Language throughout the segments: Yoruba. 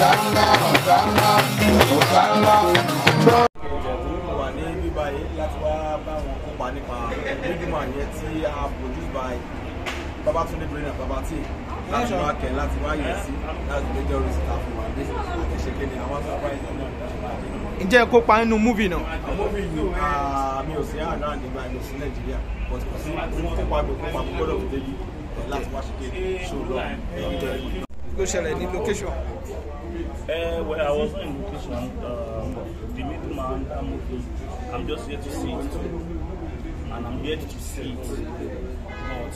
Hosanna, Hosanna, Hosanna. Ìjẹ̀bú wà ní bíbá yìí láti wá bá wọn kópa nípa gbígbìmọ̀ àyẹ̀ tí a produce by Babatunde Brainer Babati láti wá kẹ̀ láti wá yẹ̀ sí láti gbé jọ́rìí síta fún wa dé àtẹ̀ṣe kéde àwọn tó bá ìjọ náà láti máa dé. Ǹjẹ́ kópa nínú múvì náà? Múvì yìí mi ò sí àná nígbà mi ò sí Nàìjíríà but kò sí kópa mi kópa mi gbọ́dọ̀ fi débi láti wá ṣe kéde ṣòro lọ. Ló ṣẹlẹ̀ ní location. Uh, well, I was not in location. Um, the middleman, I'm I'm just here to see it. And I'm here to see it. Not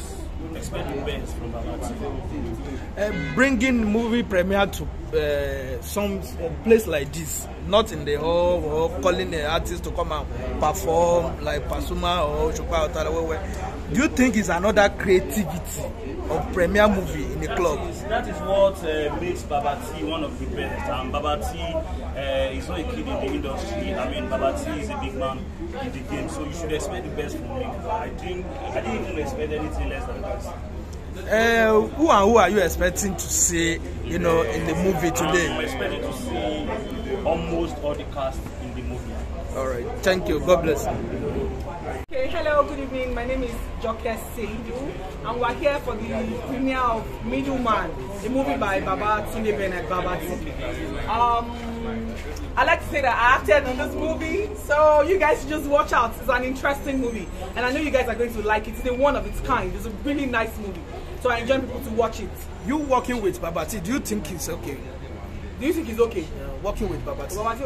expect the best from Babati. Uh, eh, bringing movie premiere to uh, some place like this, not in the hall or calling the artist to come and perform like Pasuma or Shupa or Talawewe. Do you think it's another creativity of premiere movie in the club? That is, that is what uh, makes Babati one of the best. And Babati uh, is not a kid in the industry. I mean, Babati is a big man in the game, so you should expect the best from him. I think I didn't even expect anything less than that. Uh, who and who are you expecting to see, you know, in the movie today? I'm expecting to see almost all the cast in the movie. All right. Thank you. God bless you. Okay, hello, good evening. My name is Joke Seydu, and we're here for the premiere of Middleman, a movie by Baba Tunde Bernard Babati. Um, I like to say that I acted in this movie, so you guys should just watch out. It's an interesting movie, and I know you guys are going to like it. It's the one of its kind. It's a really nice movie, so I enjoy people to watch it. You working with Babati, do you think it's okay? Do you think it's okay? working with Baba T. Baba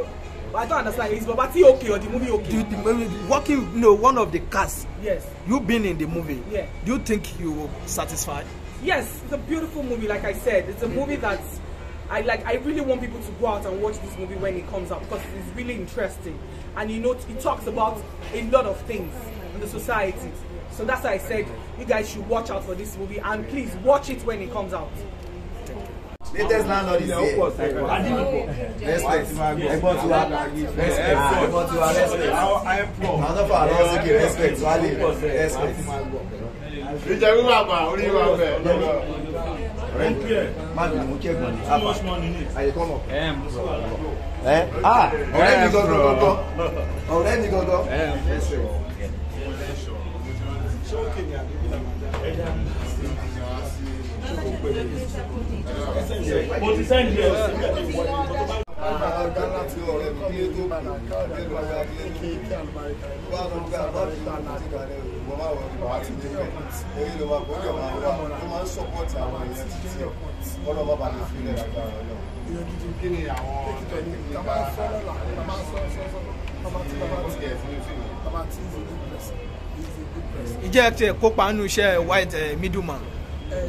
I don't understand. Is Baba T okay or the movie okay? Do working, you know, one of the cast. Yes. You being in the movie. Yeah. Do you think you were satisfied? Yes, it's a beautiful movie. Like I said, it's a mm. movie that I like. I really want people to go out and watch this movie when it comes out because it's really interesting, and you know, it talks about a lot of things in the society. So that's why I said you guys should watch out for this movie and please watch it when it comes out. latest landlord is here respect ẹ̀gbọ́n tiwa respect ẹ̀gbọ́n tiwa respect àwọn tó fà á lọ sókè respect wà lè respect. ìjẹ̀bú bàbà orí wa fẹ́. má bínú kí ẹ̀gbọ́n ní sábà àyè kọ́ mọ̀. ọ̀rẹ́ mi gangan gangan ọ̀rẹ́ mi gangan. ṣé ó kéde àdúgbò? mo ti a sọ̀rọ̀ la máa kópa nínú iṣẹ́ white eh, middleman eh,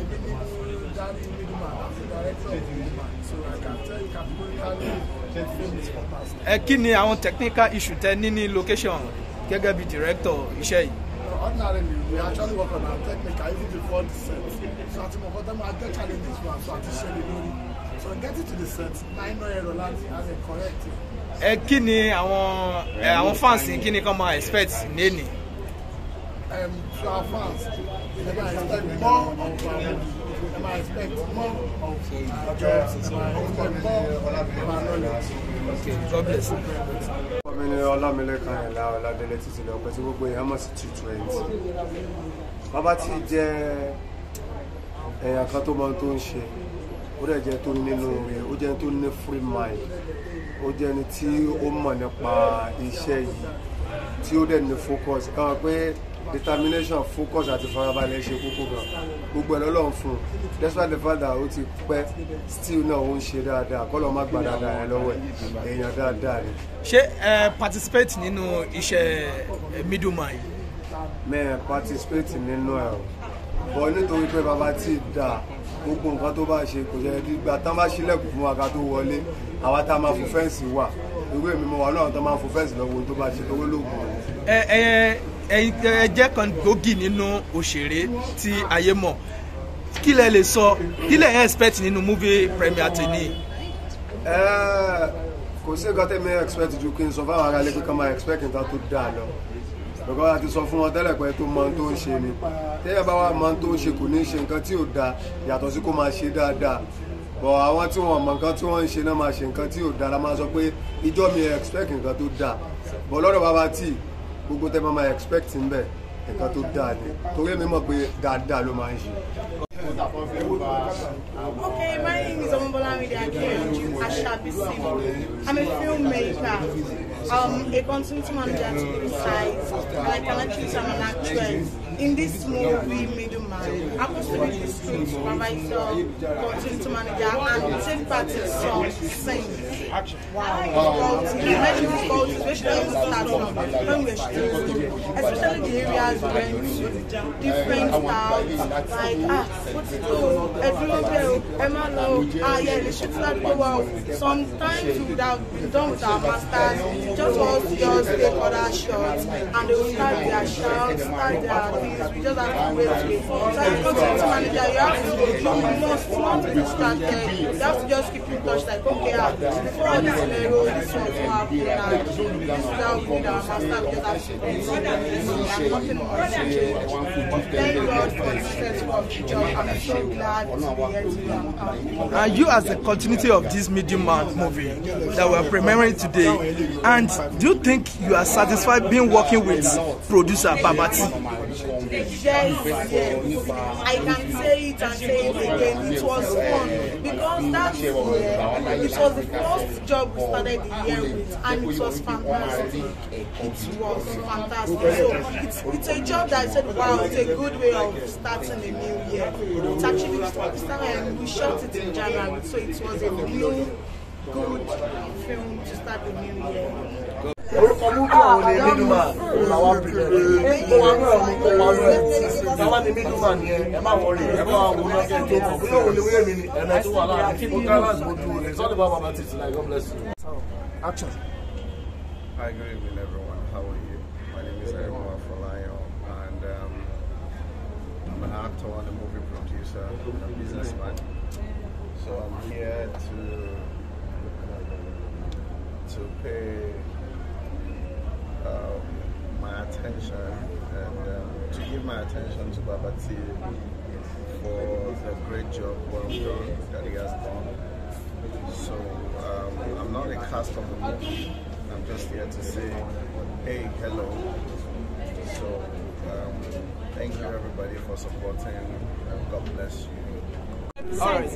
marry middleman as the director of middleman so I can tell you categorically film is for past. ẹ kí ni àwọn technical issue tẹ ní ní location gẹ́gẹ́ bí director iṣẹ́ yìí. ordinarily we actually work on our technical even before the set so àti mọ̀kọ́ tẹ́ máa get challenges wa so àti ṣe lè lórí so getting to the set nine nine ẹ̀rọ láti as a correct. ẹ kí ni àwọn àwọn fans kí ni kàn máa expect lẹ́nìí. Um, to our fans, they never expect more of our movie ẹ máa expect more of ọjọ́ expect more of knowledge. Okay, God bless you. ọmọ ẹni ọlámilẹ́kan ẹ̀la ọ̀làdẹ́lẹ̀ títí lọ pẹ̀tí gbogbo èèyàn mọ̀ sí two twenty bàbá tí jẹ́ ẹ̀yà kan tó máa tó ń ṣe ó dẹ̀ jẹ́ tó nínú rẹ̀ ó jẹ́ tó ní free mind ó jẹ́ ẹni tí ó mọ̀ nípa iṣẹ́ yìí tí ó dẹ̀ ní focus ẹ wọ́n pé determination focus àti farabalẹ̀ ṣe kókó gan gbogbo ẹ̀ lọ́lọ́run fún un despite the fact that ó ti pẹ́ still náà ó ń ṣe dáadáa kọ́lọ́ má gba dáadáa rẹ lọ́wọ́ ẹ̀ èèyàn dáadáa rẹ. ṣé ẹ participate nínú iṣẹ́ middleman yìí. mẹ́ẹ̀ participate nínú ẹ̀ o bọ́ nítorí pé bàbá tí ì dáa gbogbo nǹkan tó bá ṣe kò jẹ́ gbígbà tán bá ṣílẹ̀kùn fún wa ká tó wọlé àwa tá a máa fún fẹ́ǹsì wà irú èmi mo wà náà tán máa fún fẹ́ǹsì lọ́wọ́ tó bá ṣe lówó lóògùn. ẹ ẹ ẹ jẹ́ kan gbòógì nínú òṣèré tí ayé mọ̀ kí lẹ lè sọ kí lẹ expect nínú movie premier tèmi. kò sí nǹkan tẹ́mi expect ju kí n sọ fáwọn ará ilé pé kí wọ́n máa expect nǹkan tó dáa lọ lọ́kọ́ àti sọ fún wọn tẹ́lẹ̀ pé tó mọ tó ń ṣe ni tẹ́yẹ̀ bá wà mọ tó ń ṣe kò ní ṣe nǹkan tí ò dáa yàtọ̀ sí kó máa ṣe dáadáa bọ̀ àwọn tí wọ́n mọ nǹkan tí wọ́n ń ṣe náà máa ṣe nǹkan tí ò dáa la máa sọ pé ìjọ mi expect nǹkan tó dáa bọ̀ lọ́dọ̀ bàbá tíì gbogbo tẹ máa máa expect ń bẹ̀ nǹkan tó dáa ni torí èmi mọ̀ pé dáadáa ló máa ń ṣe. Okay, my name is Omobolamide Akinyanju Ashabisi. I'm a filmmaker, um, a content manager to the site, and I can actually say I'm an actress. In this movie, Middle man. Happens to be the school supervisor, content manager, and third party son sings. Wow. Difficulties, many difficulties, especially in the when we're especially the areas rent, different styles, like, ah, what's it called? Edulobel, Emma Low, ah, yeah, the shit's not go well. Sometimes we would have been done with our masters, just us, just take other shots, and they will start their shots, start their things, we just have to wait to As a content manager, you have to, you must not be standard. You have to just keep in touch, like, okay, before this scenario, this one will happen, and this is how we master, we just have to do this, and nothing much change. Thank God for the success of the job, I'm so glad to be here today. And you, as a continuity of this Medium Man movie that we are premiering today, and do you think you are satisfied being working with producer Babati? Yes, yes. I can say it and say it again. It was fun because that year, it was the first job we started the year with, and it was fantastic. It was fantastic. So it's, it's a job that I said, wow, it's a good way of starting a new year. It's actually this time we shot it in January, so it was a real good film to start the new year. orúkọ múbí ọ̀hún ni mídùmá làwọn pèsè kó wá rẹ̀ ọ̀hún kó wá rẹ̀ táwa ni mídùmá ni ẹ má wọlé ẹ má wọ náà kẹ́ tó kọ̀ bóyá òun ni wíyẹn mi ni ẹ̀mẹ́ tó wà láàrin mo kára mo dúró rẹ̀ sọ́ni bá bàbá títí náà God bless you. Action. Hi, good evening, everyone. How are you? My name is Aaron Wafalayo, and um, I'm an actor and a movie producer and a businessman. So I'm here to to pay um, my attention and um, to give my attention to Babati for the great job well done that he has done. So um, I'm not a cast of the movie. I'm just here to say, hey, hello. So um, thank you everybody for supporting. God bless you. right.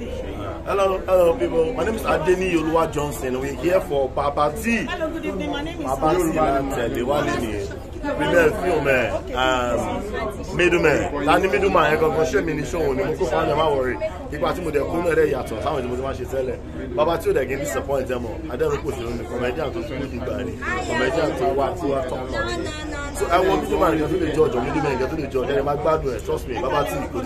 Hello, hello, people. My name is Adeni Yoluwa Johnson. We're here for Baba T. Hello, good evening. My name is Baba T. Adewale ni. Premier film um, middleman. Tani middleman yẹn gangan ṣé mi ní ṣòwò ni mo kó fún Anamá wọ̀rì. Ipa tí mo dẹ̀ kú náà dẹ̀ yàtọ̀ sáwọn ìdìbò tí wọ́n ṣe tẹ́lẹ̀. Baba tí ó dẹ̀ kí n disappoint ẹ̀ mọ̀. Adẹ́rù kò sí lónìí. Kọ̀mẹ́díà tó tún kí gbà ni. Kọ̀mẹ́díà tó wà tí wà tọ̀ pọ̀ sí. So ẹ wọ middleman nìkan tó lè jọ ọ̀jọ̀ middleman nìkan tó lè jọ ọ̀jọ̀ ẹ̀ máa gbádùn ẹ̀ trust me Baba tí kò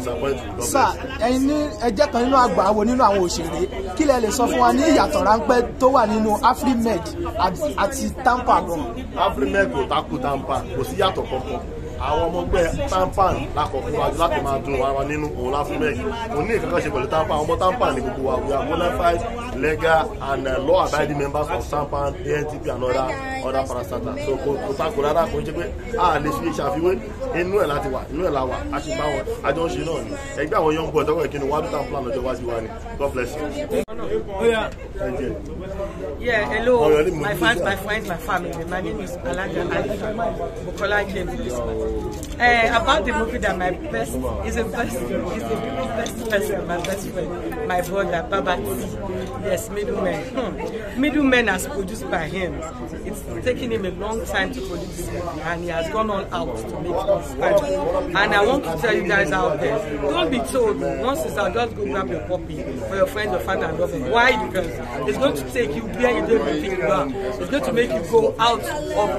Sir, ẹ̀yin ní ẹjẹ́ k ọ̀kan nínú àgbà wo nínú àwọn òṣèré kí lẹ lè sọ fún wa ní ìyàtọ̀ ráńpẹ́ tó wà nínú afrimed àti tampa gan. afrimed kò takò tampa kò sí yàtọ̀ kankan àwọn ọmọ tampan lákọ̀ọ́kọ́ wájú láti máa dun ara nínú òun láfúnmẹ́ẹ̀kì òun ní ìkankan ṣe pẹ̀lú tampan àwọn ọmọ tampan ni gbogbo wa we are qualified and uh, law abiding members of tampan antp and other other parastatal so kò kò tako rárá kò jẹ́ pé a lè fi ṣàfiwé inú ẹ̀ láti wà inú ẹ̀ la wà a ṣe bá wọn àjọ ń ṣe náà ni ẹgbẹ́ àwọn young boys ìkíni wàá dúkà plan ọjọ́ iwájú wa ni God bless you. Oh, oh, yeah. yeah, hello, oh, my friends, my friends, my family. My name is Alanja Bukola came this Uh, about the movie that my best is the best is the best person, my best friend, my brother, Baba Yes, Middleman. Hmm. Middleman has produced by him. It's taken him a long time to produce this movie, and he has gone all out to make this happen. And I want to tell you guys out there, don't be told once it's out, just go grab your copy for your friends, your family. and your of Why? Because it's going to take you where you don't think you are. It's going to make you go out of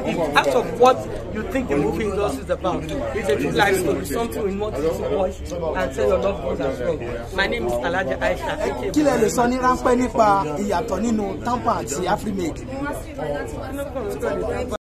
it, out of what you think the movie industry is about. It's a true life story, something we want you to watch and tell your loved ones as well. My name is Alaja Aisha. Kí lẹ lè sọ ní ráńpẹ́ nípa ìyàtọ̀ nínú Tampa àti Afrimade?